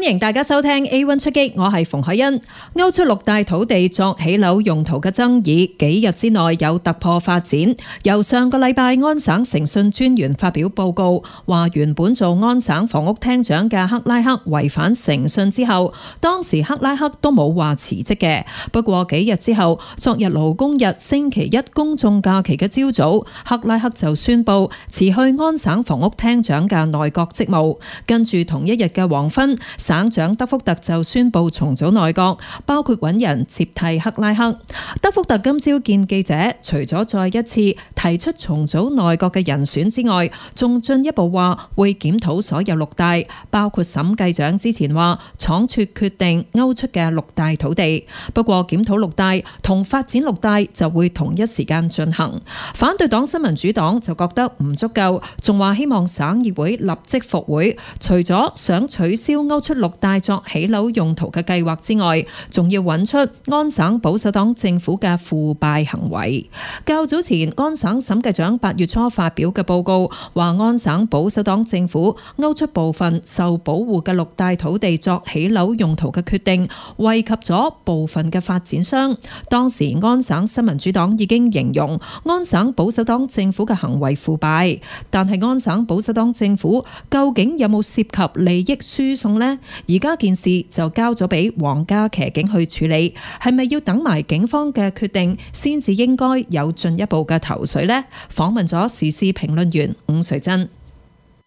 歡迎大家收聽 A1 出擊，我係馮凱欣。歐出六大土地作起樓用途嘅爭議，幾日之內有突破發展。由上個禮拜安省誠信專員發表報告，話原本做安省房屋廳長嘅克拉克違反誠信之後，當時克拉克都冇話辭職嘅。不過幾日之後，昨日勞工日星期一公眾假期嘅朝早，克拉克就宣布辭去安省房屋廳長嘅內閣職務。跟住同一日嘅黃昏。省長德福特就宣布重組內閣，包括揾人接替克拉克。德福特今朝見記者，除咗再一次提出重組內閣嘅人選之外，仲進一步話會檢討所有綠帶，包括審計長之前話倉卒決定勾出嘅綠帶土地。不過檢討綠帶同發展綠帶就會同一時間進行。反對黨新民主黨就覺得唔足夠，仲話希望省議會立即復會，除咗想取消勾出。六大作起樓用途嘅計劃之外，仲要揾出安省保守黨政府嘅腐敗行為。較早前，安省審計長八月初發表嘅報告話，安省保守黨政府勾出部分受保護嘅六大土地作起樓用途嘅決定，惠及咗部分嘅發展商。當時，安省新民主黨已經形容安省保守黨政府嘅行為腐敗，但係安省保守黨政府究竟有冇涉及利益輸送呢？而家件事就交咗俾皇家騎警去處理，係咪要等埋警方嘅決定先至應該有進一步嘅頭緒呢？訪問咗時事評論員伍瑞珍。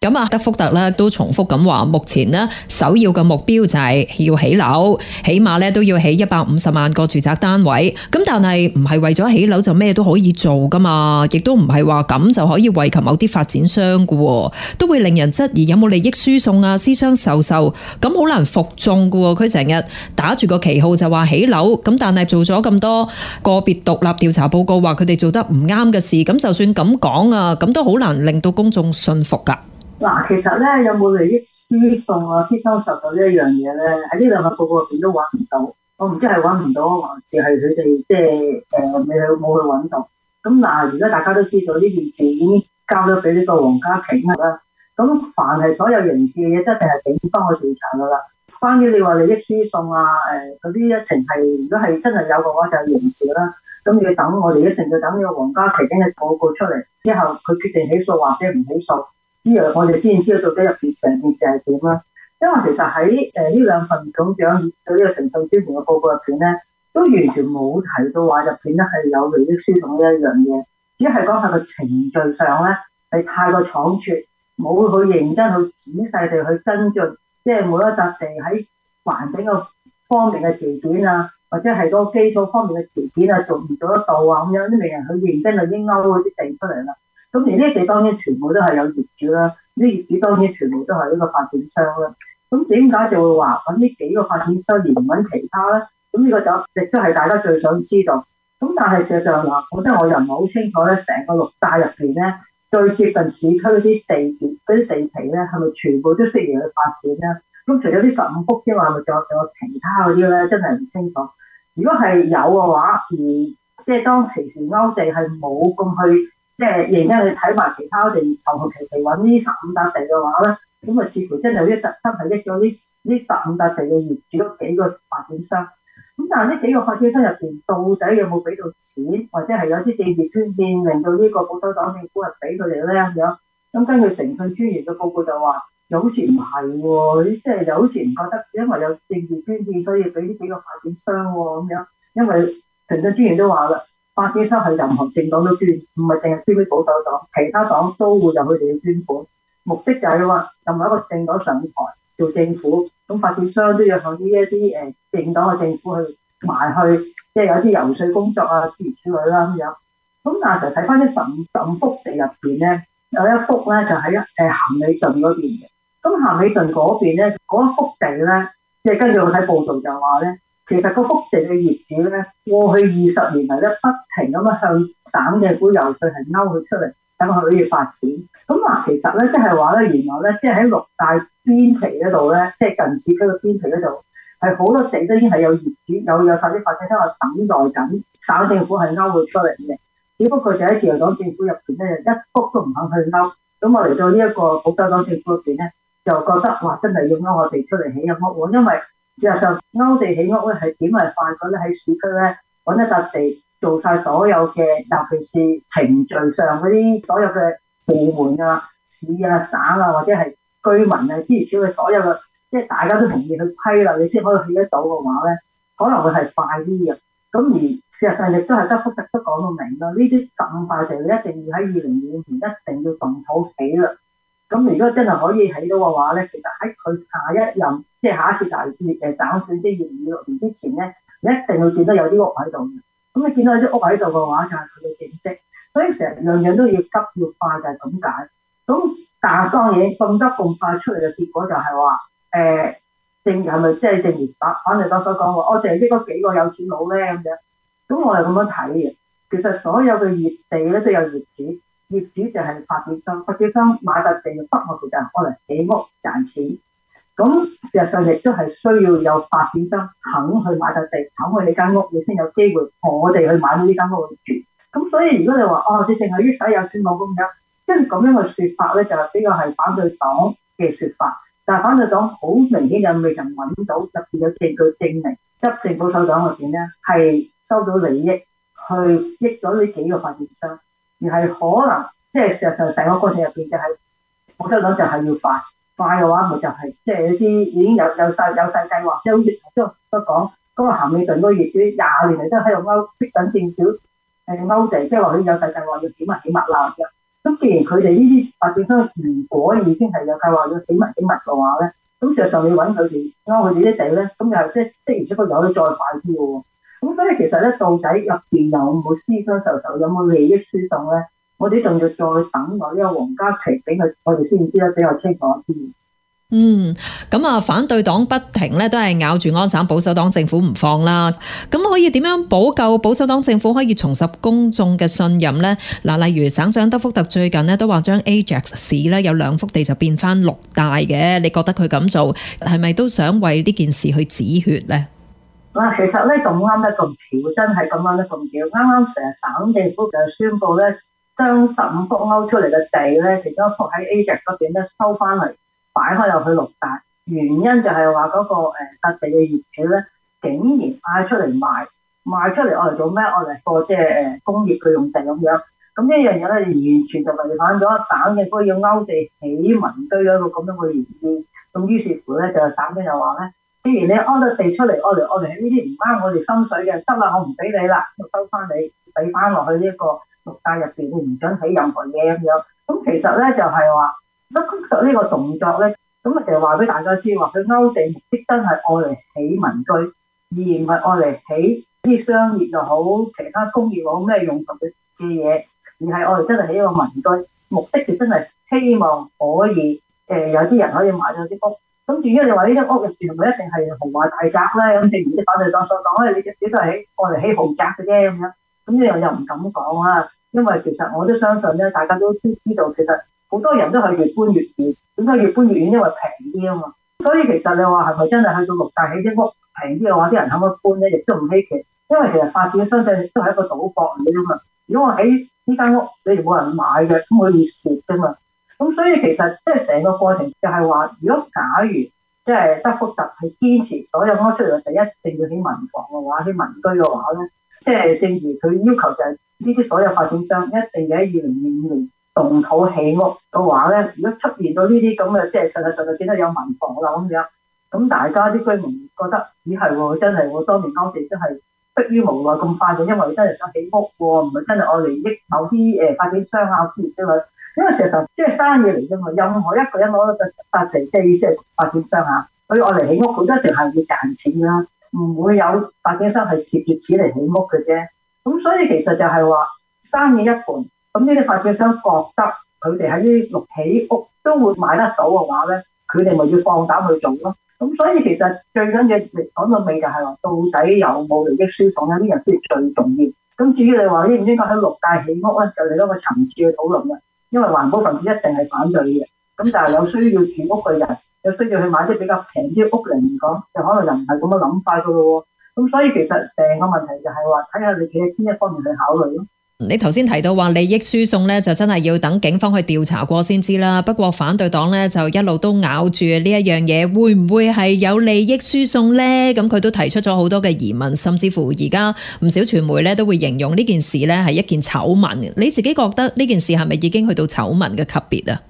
咁啊，德福特咧都重複咁話，目前咧首要嘅目標就係要起樓，起碼咧都要起一百五十萬個住宅單位。咁但係唔係為咗起樓就咩都可以做噶嘛？亦都唔係話咁就可以惠及某啲發展商噶，都會令人質疑有冇利益輸送啊、私相授受，咁好難服眾噶。佢成日打住個旗號就話起樓，咁但係做咗咁多個別獨立調查報告話佢哋做得唔啱嘅事，咁就算咁講啊，咁都好難令到公眾信服噶。嗱，其實咧有冇利益輸送啊、接收受賄呢一樣嘢咧？喺呢兩個報告入邊都揾唔到，我唔知係揾唔到，還是係佢哋即係誒未去冇去揾到。咁嗱，而家大家都知道呢件事已經交咗俾呢個皇家騎警啦。咁凡係所有刑事嘅嘢，一定係警方去調查噶啦。關於你話利益輸送啊、誒嗰啲一定係，如果係真係有嘅話，就係刑事啦。咁你要等我哋一定要等呢個皇家騎警呢個報告出嚟之後，佢決定起訴或者唔起訴。啲我哋先知道到底入邊成件事係點啦，因為其實喺誒呢兩份總長到呢個陳述書前嘅報告入邊咧，都完全冇提到話入邊咧係有利益輸送呢一樣嘢，只係講下個程序上咧係太過倉促，冇去認真去仔細地去跟進，即係每一笪地喺環境嘅方面嘅條件啊，或者係嗰基礎方面嘅條件啊，做唔做得到啊咁樣，都名人去認真去優優嗰啲地出嚟啦。咁而呢啲當然全部都係有業主啦，呢啲業主當然全部都係呢個發展商啦。咁點解就會話揾呢幾個發展商而唔揾其他咧？咁呢個就亦都係大家最想知道。咁但係事實上話，我覺得我又唔係好清楚咧，成個綠帶入邊咧，最接近市區嗰啲地皮、嗰啲地皮咧，係咪全部都適宜去發展咧？咁除咗啲十五幅之外，咪仲有，有其他嗰啲咧？真係唔清楚。如果係有嘅話，而即係當其時勾地係冇咁去。即係，而家你睇埋其他地，頭頭期期揾呢十五笪地嘅話咧，咁啊，似乎真係一特登，係益咗呢呢十五笪地嘅業主都幾個發展商。咁但係呢幾個發展商入邊到底有冇俾到錢，或者係有啲政治捐獻，令到個兜兜兜兜呢個保守黨政府係俾佢哋咧咁樣？咁根據誠信專員嘅報告就話，又好似唔係喎，即係又好似唔覺得，因為有政治捐獻，所以俾呢幾個發展商喎咁樣。因為誠信專員都話啦。發展商喺任何政黨都捐，唔係淨係支持保守黨，其他黨都會有佢哋嘅捐款。目的就係話，任何一個政黨上台做政府，咁發展商都要向呢一啲誒政黨嘅政府去埋去，即係有啲遊說工作啊，諸如此類啦咁樣。咁但係就睇翻啲十五十五幅地入邊咧，有一幅咧就喺誒咸美頓嗰邊嘅。咁咸美頓嗰邊咧，嗰一幅地咧，即係根據我睇報道就話咧。其實個福地嘅業主咧，過去二十年嚟咧，不停咁樣向省政府游說，係勾佢出嚟，等佢可以發展。咁啊，其實咧，即係話咧，原來咧，即係喺六大邊皮嗰度咧，即係近市區嘅邊皮嗰度，係好多地都已經係有業主有有投啲發展，都話等待緊省政府係勾佢出嚟嘅。只不過就喺自由黨政府入邊咧，一幅都唔肯去勾。咁我嚟到呢一個保守黨政府入邊咧，就覺得哇，真係要勾我哋出嚟起一屋喎，因為。事實上，勾地起屋咧係點嚟快嘅咧？喺市區咧，揾一笪地，做晒所有嘅，尤其是程序上嗰啲所有嘅部門啊、市啊、省啊，或者係居民啊，之餘，如果所有嘅即係大家都同意去批啦，你先可以起得到嘅話咧，可能會係快啲嘅。咁而事實上亦都係得福特都講到明啦，呢啲咁快成，一定要喺二零二五年一定要動土起啦。咁如果真係可以起到嘅話咧，其實喺佢下一任，即係下一次大選省選，即係二五年之前咧，你一定會見到有啲屋喺度嘅。咁你見到有啲屋喺度嘅話，就係佢嘅政績。所以成日樣樣都要急要快，就係咁解。咁但係當然，咁急咁快出嚟嘅結果就係、是、話，誒政係咪即係政白，反正我所講嘅，我淨係識嗰幾個有錢佬咧咁樣。咁我係咁樣睇嘅。其實所有嘅業地咧都有業主。業主就係發展商，發展商買笪地，不外乎就係可能起屋賺錢。咁事實上亦都係需要有發展商肯去買笪地，肯去你間屋，你先有機會我哋去買到呢間屋住。咁所以如果你話哦，你淨係於使有錢冇公咁，跟住咁樣嘅説法咧，就比較係反對黨嘅説法。但係反對黨好明顯有未曾揾到特別有證據證明執政保守黨入邊咧係收到利益去益咗呢幾個發展商。而係可能，即係事實上成個過程入邊、就是，我就係諗就係要快。快嘅話、就是，咪就係即係啲已經有有晒有晒計劃。有業將都講，嗰、那個咸美頓嗰個業主廿年嚟都喺度勾逼緊政府誒勾地，即係話佢有晒計劃要死埋死埋啦。咁既然佢哋呢啲發展商如果已經係有計劃要死埋死埋嘅話咧，咁事實上你揾佢哋勾佢哋啲地咧，咁又係即係即係如果有得再快啲喎。咁所以其實咧，到底入邊有冇私相授受，有冇利益輸送咧？我哋仲要再等耐啊，黃家琪俾佢，我哋先知啦，俾佢先講先。嗯，咁啊，反對黨不停咧，都係咬住安省保守黨政府唔放啦。咁可以點樣補救保守黨政府可以重拾公眾嘅信任呢？嗱，例如省長德福特最近呢，都話將 Ajax 市咧有兩幅地就變翻六大嘅，你覺得佢咁做係咪都想為呢件事去止血呢？嗱，其實咧咁啱咧咁巧，真係咁啱咧咁巧。啱啱成日省政府就宣布咧，將十五幅勾出嚟嘅地咧，其中一幅喺 A 宅嗰邊咧收翻嚟，擺開又去綠帶。原因就係話嗰個誒特地嘅業主咧，竟然嗌出嚟賣，賣出嚟我嚟做咩？我嚟做即係誒工業佢用地咁樣。咁呢樣嘢咧完全就違反咗省政府要勾地起民居嗰個咁樣嘅意見。咁於是乎咧，就省府就話咧。譬如你安咗地出嚟，我嚟，我嚟呢啲唔啱我哋心水嘅，得啦，我唔俾你啦，我收翻你，俾翻落去呢個綠帶入邊，唔准起任何嘢咁樣。咁其實咧就係話，咁其實呢個動作咧，咁啊就話俾大家知話，佢勾地目的真係愛嚟起民居，而唔係愛嚟起啲商業又好，其他工業又好咩用途嘅嘅嘢，而係愛嚟真係起一個民居，目的就真係希望可以誒、呃，有啲人可以買咗啲屋。咁至於你話呢間屋嘅事，唔一定係豪華大宅咧。咁正如知，反對黨所講咧，你你都係喺外嚟起豪宅嘅啫咁樣。咁你又又唔敢講啊？因為其實我都相信咧，大家都都知道，其實好多人都係越搬越遠。點解越搬越遠？因為平啲啊嘛。所以其實你話係咪真係去到綠帶起啲屋平啲嘅話，啲人肯唔肯搬咧？亦都唔稀奇。因為其實發展商對都係一個賭博嚟嘅嘛。如果我喺呢間屋，你哋冇人買嘅，咁佢會蝕嘅嘛。咁所以其實即係成個過程就係話，如果假如即係德福特係堅持所有開出嚟就一定要起民房嘅話，啲民居嘅話咧，即係正如佢要求就係呢啲所有發展商一定要喺二零二五年動土起屋嘅話咧，如果出現到呢啲咁嘅即係實實在在見到有民房嘅話咁樣，咁大家啲居民覺得咦，係喎，真係喎，當年交地真係迫於無奈咁快就因為真係想起屋喎，唔係真係愛嚟益某啲誒發展商啊，某啲因啊，成日即係生意嚟啫嘛，任何一個人攞得笪地，即係發展商啊，佢愛嚟起屋，佢都一定係要賺錢啦，唔會有發展商係蝕住錢嚟起屋嘅啫。咁所以其實就係話生意一盤，咁呢啲發展商覺得佢哋喺呢啲綠地起屋都會買得到嘅話咧，佢哋咪要放膽去做咯。咁所以其實最緊要講到尾就係話，到底有冇嚟嘅需求咧？啲人先係最重要。咁至於你話應唔應該喺綠帶起屋咧，就另一個層次去討論啦。因為環保分子一定係反對嘅，咁但係有需要住屋嘅人，有需要去買啲比較平啲嘅屋嘅嚟講，就可能又唔係咁嘅諗法噶咯喎，咁所以其實成個問題就係話，睇下你企喺邊一方面去考慮咯。你頭先提到話利益輸送咧，就真係要等警方去調查過先知啦。不過反對黨咧就一路都咬住呢一樣嘢，會唔會係有利益輸送咧？咁佢都提出咗好多嘅疑問，甚至乎而家唔少傳媒咧都會形容呢件事咧係一件醜聞。你自己覺得呢件事係咪已經去到醜聞嘅級別啊？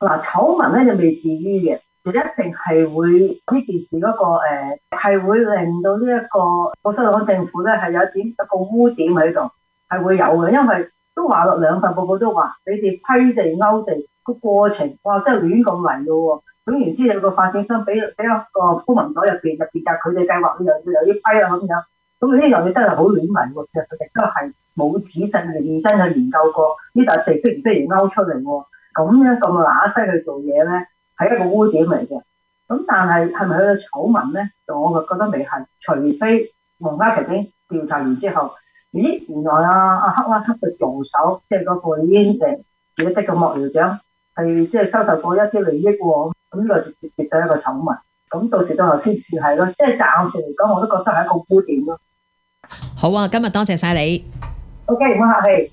嗱，醜聞咧就未至於嘅，就一定係會呢件事嗰個誒，係、呃、會令到呢、這、一個保守黨政府咧係有啲一,一個污點喺度。係會有嘅，因為都話落兩份報告都話，你哋批地勾地個過程，哇，真係亂咁嚟嘅喎。總言之有個發展商俾俾一個公民袋入邊，入邊架佢哋計劃又有啲批啦咁樣，咁呢樣嘢真係好亂迷喎。其實佢哋都係冇仔細認真去研究過呢笪地適唔適宜勾出嚟，咁樣咁乸西去做嘢咧，係一個污點嚟嘅。咁但係係咪佢個醜聞咧？我就覺得未係，除非皇家騎警調查完之後。咦，原來阿、啊、阿克拉克嘅助手，即係嗰個 Enie 自己識嘅幕僚長，係即係收受過一啲利益喎，咁就涉及咗一個醜聞，咁到時到頭先係咯，即係暫時嚟講，我都覺得係一個污點咯。好啊，今日多謝晒你。OK，唔好客氣。